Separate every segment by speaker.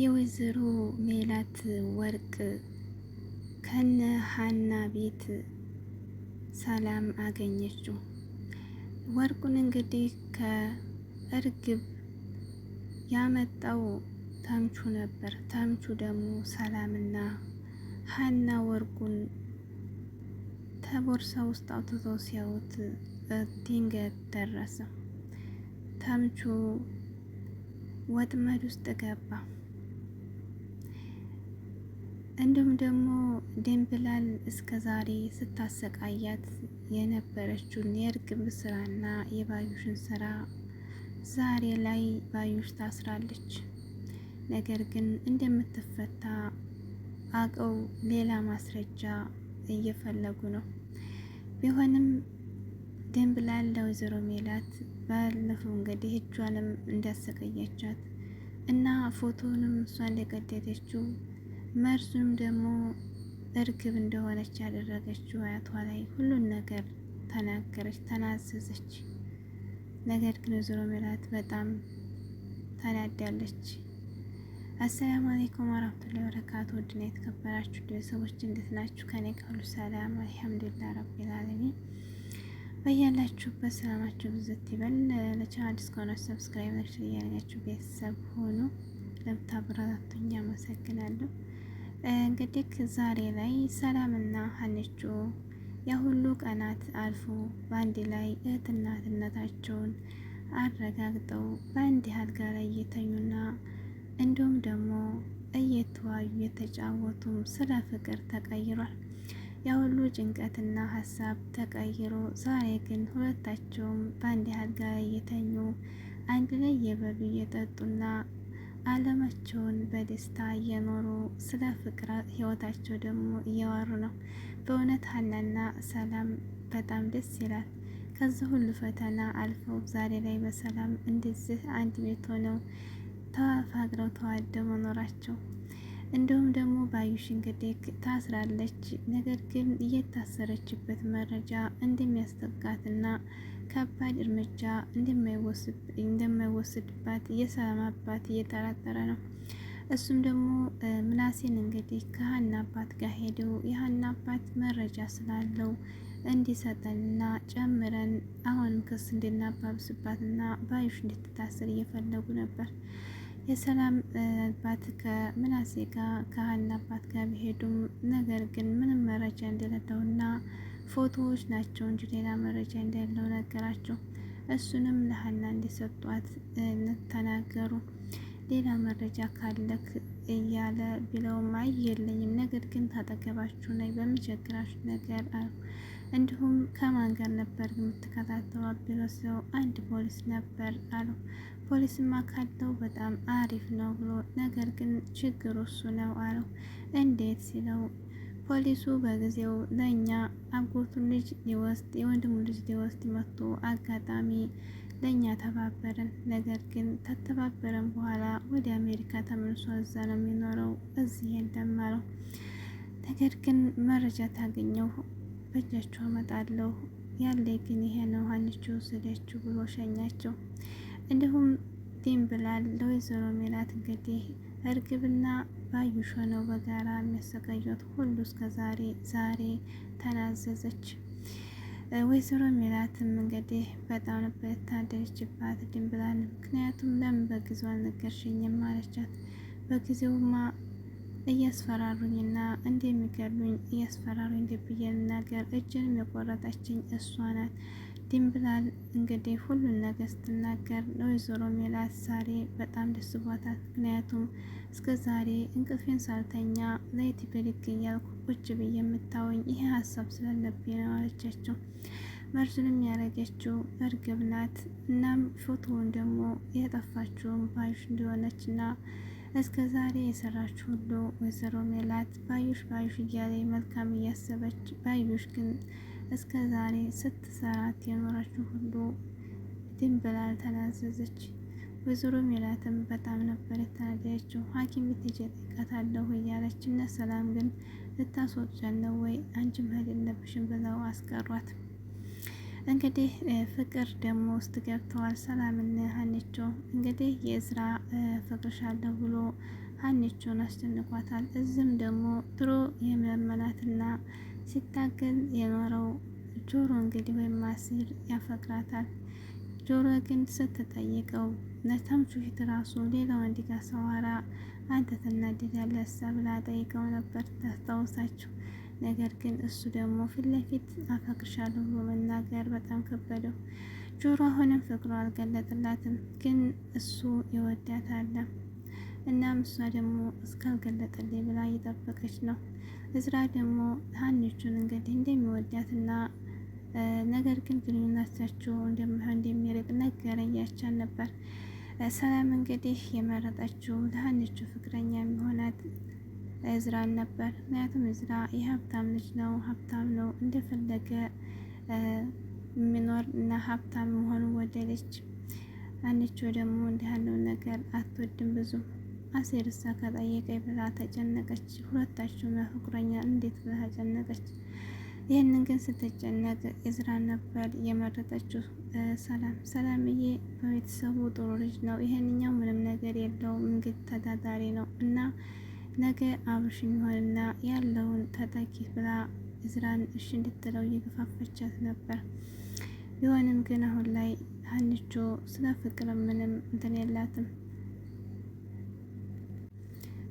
Speaker 1: የወይዘሮ ሜላት ወርቅ ከነ ሀና ቤት ሰላም አገኘችው። ወርቁን እንግዲህ ከእርግብ ያመጣው ተምቹ ነበር። ተምቹ ደግሞ ሰላምና ሀና ወርቁን ተቦርሳ ውስጥ አውጥቶ ሲያዩት ድንገት ደረሰ። ተምቹ ወጥመድ ውስጥ ገባ። እንዲሁም ደግሞ ደንብላል እስከ ዛሬ ስታሰቃያት የነበረችውን የእርግብ ስራና የባዩሽን ስራ ዛሬ ላይ ባዩሽ ታስራለች። ነገር ግን እንደምትፈታ አቀው ሌላ ማስረጃ እየፈለጉ ነው። ቢሆንም ደንብላል ለወይዘሮ ሜላት ባለፈው እንግዲህ እጇንም እንዳሰቀያቻት እና ፎቶንም እሷ እንደቀደደችው መርዙም ደግሞ እርግብ እንደሆነች ያደረገችው አያቷ ላይ ሁሉን ነገር ተናገረች፣ ተናዘዘች። ነገር ግን ወይዘሮ ሜላት በጣም ታናዳለች። አሰላሙ አለይኩም ወራህመቱላሂ ወበረካቱ። ውድና የተከበራችሁ ቤተሰቦች እንዴት ናችሁ? ከኔ ካሉ ሰላም አልሐምዱሊላህ ረቢል አለሚን። በያላችሁበት ሰላማችሁ ብዝት ይበል። ለቻናል ዲስኮና ሰብስክራይብ ላይክ እያደረጋችሁ ቤተሰብ ሆኑ። ለምታበረታቱኝ አመሰግናለሁ። እንግዲህ ዛሬ ላይ ሰላምና ሀንቹ የሁሉ ቀናት አልፎ በአንድ ላይ እህትና አረጋግጠው በአንድ አልጋ ላይ እየተኙና እንዲሁም ደግሞ እየተዋዩ የተጫወቱም ስለ ፍቅር ተቀይሯል። የሁሉ ጭንቀትና ሀሳብ ተቀይሮ ዛሬ ግን ሁለታቸውም በአንድ አልጋ ላይ እየተኙ አንድ ላይ የበሉ እየጠጡና አለማቸውን በደስታ እየኖሩ ስለ ፍቅር ህይወታቸው ደግሞ እያወሩ ነው። በእውነት ሀናና ሰላም በጣም ደስ ይላል። ከዚህ ሁሉ ፈተና አልፈው ዛሬ ላይ በሰላም እንደዚህ አንድ ቤት ሆነው ተፋቅረው ተዋደው መኖራቸው እንዲሁም ደግሞ ባዩሽ እንግዲህ ታስራለች። ነገር ግን እየታሰረችበት መረጃ እንደሚያስጠጋትና ከባድ እርምጃ እንደማይወስድባት አባት እየጠራጠረ ነው። እሱም ደግሞ ምናሴን እንግዲህ ከሀና አባት ጋር ሄደው የሀና አባት መረጃ ስላለው እንዲሰጠንና ጨምረን አሁንም ክስ እንድናባብስባትና ባዩሽ እንድትታሰር እየፈለጉ ነበር። የሰላም አባት ከምናሴ ጋር ከሀና አባት ጋር ቢሄዱም ነገር ግን ምንም መረጃ እንደሌለውና ፎቶዎች ናቸው እንጂ ሌላ መረጃ እንዳለው ነገራቸው። እሱንም ለሀና እንዲሰጧት ተናገሩ። ሌላ መረጃ ካለክ እያለ ቢለውም አይ የለኝም፣ ነገር ግን ታጠገባችሁ ነኝ በሚቸግራችሁ ነገር አሉ። እንዲሁም ከማን ጋር ነበር የምትከታተሏ ቢለው ሰው አንድ ፖሊስ ነበር አሉ። ፖሊስማ ካለው በጣም አሪፍ ነው ብሎ ነገር ግን ችግሩ እሱ ነው አለው። እንዴት ሲለው ፖሊሱ በጊዜው ለእኛ አጎቱን ልጅ ሊወስድ የወንድሙ ልጅ ሊወስድ መጥቶ አጋጣሚ ለእኛ ተባበረን። ነገር ግን ተተባበረን በኋላ ወደ አሜሪካ ተመልሶ እዛ ነው የሚኖረው፣ እዚህ የለም አለው። ነገር ግን መረጃ ታገኘው በእጃችሁ አመጣለሁ ያለ ግን ይሄ ነው አንቺ ወሰደችው ብሎ ሸኛቸው። እንዲሁም ድም ብላል። ለወይዘሮ ሜላት እንግዲህ እርግብና ባዩሾ ነው በጋራ የሚያሰቃዩት ሁሉ እስከ ዛሬ ዛሬ ተናዘዘች። ወይዘሮ ሜላትም እንግዲህ በጣም ነበር የታደለችባት ድንብላል። ምክንያቱም ለምን በጊዜው አልነገርሽኝም አለቻት። በጊዜውማ እያስፈራሩኝና እንደሚገሉኝ እያስፈራሩኝ ደብዬ ልናገር እጅንም የቆረጠችኝ እሷ ናት። ድንብላል እንግዲህ ሁሉን ነገር ስትናገር ለወይዘሮ ሜላት ዛሬ በጣም ደስ ብሏታል። ምክንያቱም እስከ ዛሬ እንቅልፌን ሳልተኛ ለይቲ በልግ እያልኩ ቁጭ ብዬ የምታወኝ ይሄ ሀሳብ ስለለብኝ ነው አለቻቸው። መርዙንም ያረገችው እርግብ ናት። እናም ፎቶውን ደግሞ የጠፋችውን ባዩሽ እንደሆነች ና እስከ ዛሬ የሰራችው ሁሉ ወይዘሮ ሜላት ባዩሽ ባዩሽ እያለ መልካም እያሰበች ባዩሽ ግን እስከ ዛሬ ስትሰራት የኖረችው ሁሉ ድን ድንብላል ተናዘዘች። ወይዘሮ ሜላትም በጣም ነበር የተናደደችው። ሐኪም ቤት ሄጄ እጠይቃታለሁ እያለች እነ ሰላም ግን ልታስወጫት ወይ አንቺ መሄድ የለብሽም ብለው አስቀሯት። እንግዲህ ፍቅር ደግሞ ውስጥ ገብተዋል። ሰላምና ሀኒቾ እንግዲህ የእዝራ ፍቅርሻለሁ ብሎ ሀኒቾን አስደንቋታል። እዝም ደግሞ ድሮ የመመናትና ሲታገል የኖረው ጆሮ እንግዲህ ወይም አሲር ያፈቅራታል። ጆሮ ግን ስትጠይቀው ለተምቹ ፊት ራሱ ሌላ ወንድ ጋር ሰዋራ አንተ ትናደዳለህ ብላ ጠይቀው ነበር ታስታውሳችሁ። ነገር ግን እሱ ደግሞ ፊት ለፊት አፈቅርሻለሁ ብሎ መናገር በጣም ከበደው። ጆሮ አሁንም ፍቅሩ አልገለጥላትም፣ ግን እሱ ይወዳታል። እናም እሷ ደግሞ እስካልገለጠልኝ ብላ እየጠበቀች ነው። እዝራ ደግሞ ሀኒቹን እንግዲህ እንደሚወዳትና ነገር ግን ግንኙነታቸው እንደሚሆን እንደሚርቅ ነገረኝ ያቻል ነበር። ሰላም እንግዲህ የመረጠችው ለሀኒቹ ፍቅረኛ የሚሆናት እዝራን ነበር። ምክንያቱም እዝራ የሀብታም ልጅ ነው፣ ሀብታም ነው እንደፈለገ የሚኖር እና ሀብታም መሆኑ ወደለች። ሀኒቹ ደግሞ እንዲህ ያለውን ነገር አትወድም ብዙ አሴር እሳ ከጠየቀ ብላ ተጨነቀች። ሁለታችሁም ፍቅረኛ እንዴት ብላ ተጨነቀች። ይህንን ግን ስትጨነቅ እዝራ ነበር የመረጠችው። ሰላም ሰላምዬ በቤተሰቡ ጥሩ ልጅ ነው። ይሄንኛው ምንም ነገር የለውም እንግዲህ ተዳዳሪ ነው እና ነገ አብርሽ የሚሆንና ያለውን ተጠቂ ብላ እዝራን እሺ እንድትለው እየገፋፈቻት ነበር። ቢሆንም ግን አሁን ላይ ሀንቾ ስለ ፍቅር ምንም እንትን የላትም።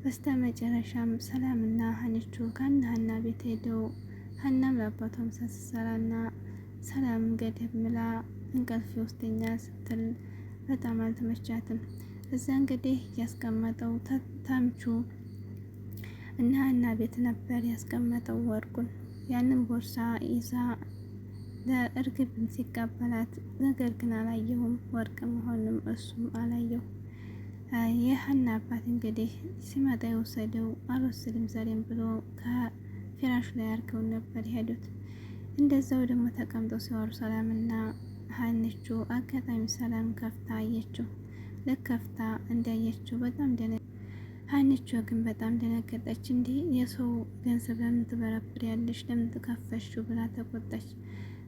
Speaker 1: በስተ መጨረሻም ሰላምና ሀኒቾ ከነ ሀና ቤት ሄደው ሀናም ለአባቷ ምሳ ስትሰራና ሰላም ገደብ ምላ እንቅልፍ ውስደኛ ስትል በጣም አልተመቻትም። እዛ እንግዲህ ያስቀመጠው ተምቹ እና ሀና ቤት ነበር ያስቀመጠው ወርቁን። ያንን ቦርሳ ይዛ ለእርግብን ሲቀበላት ነገር ግን አላየሁም ወርቅ መሆንም እሱም አላየው። የሀና አባት እንግዲህ ሲመጣ የወሰደው አልወሰድም ዛሬም ብሎ ከፊራሹ ላይ አድርገው ነበር ሄዱት። እንደዛው ደግሞ ተቀምጠው ሲዋሩ ሰላምና ሀንቹ አጋጣሚ ሰላም ከፍታ አየችው። ለከፍታ እንዳየችው በጣም ደነ ሀንቹ ግን በጣም ደነገጠች። እንዲህ የሰው ገንዘብ ለምን ትበረብር ያለሽ ለምን ትከፈሽው ብላ ተቆጣች።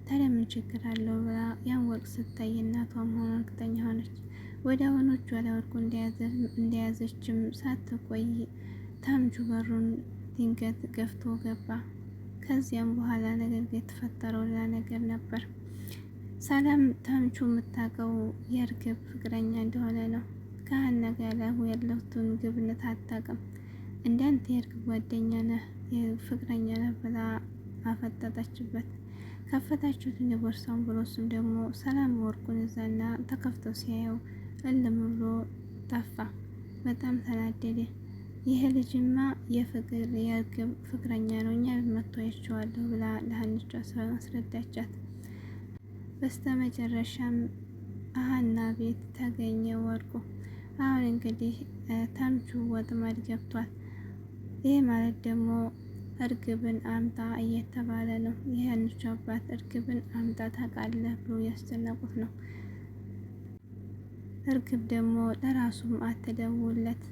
Speaker 1: ታዲያ ምን ችግር አለው ብላ ያን ወቅት ስታይ እናቷም ሆኖ እርግጠኛ ሆነች። ወደ አሁኖቹ ወርቁ እንደያዘችም ሳትቆይ ታምጁ በሩን ድንገት ገፍቶ ገባ። ከዚያም በኋላ ነገር የተፈጠረው ሌላ ነገር ነበር። ሰላም ታምቹ የምታውቀው የእርግብ ፍቅረኛ እንደሆነ ነው። ከሀና ጋር ያለሁትን ግብነት አታውቅም። እንዳንተ የእርግብ ጓደኛ ነህ፣ ፍቅረኛ ነህ ብላ አፈጠጠችበት። ከፈታችሁትን የቦርሳውን ብሎ እሱም ደግሞ ሰላም ወርቁን እዛና ተከፍተው ሲያየው እልም ብሎ ጠፋ። በጣም ተናደደ። ይህ ልጅማ የፍቅር የእርግብ ፍቅረኛ ነው፣ እኛ መጥቶ ብላ ብላ ለሀንቿ አስረዳቻት። በስተ መጨረሻም አሀና ቤት ተገኘ ወርቁ። አሁን እንግዲህ ተምቹ ወጥመድ ገብቷል። ይህ ማለት ደግሞ እርግብን አምጣ እየተባለ ነው። የሀንቹ አባት እርግብን አምጣ ታውቃለህ ብሎ ያስጨነቁት ነው። እርግብ ደግሞ ለራሱም አትደውለት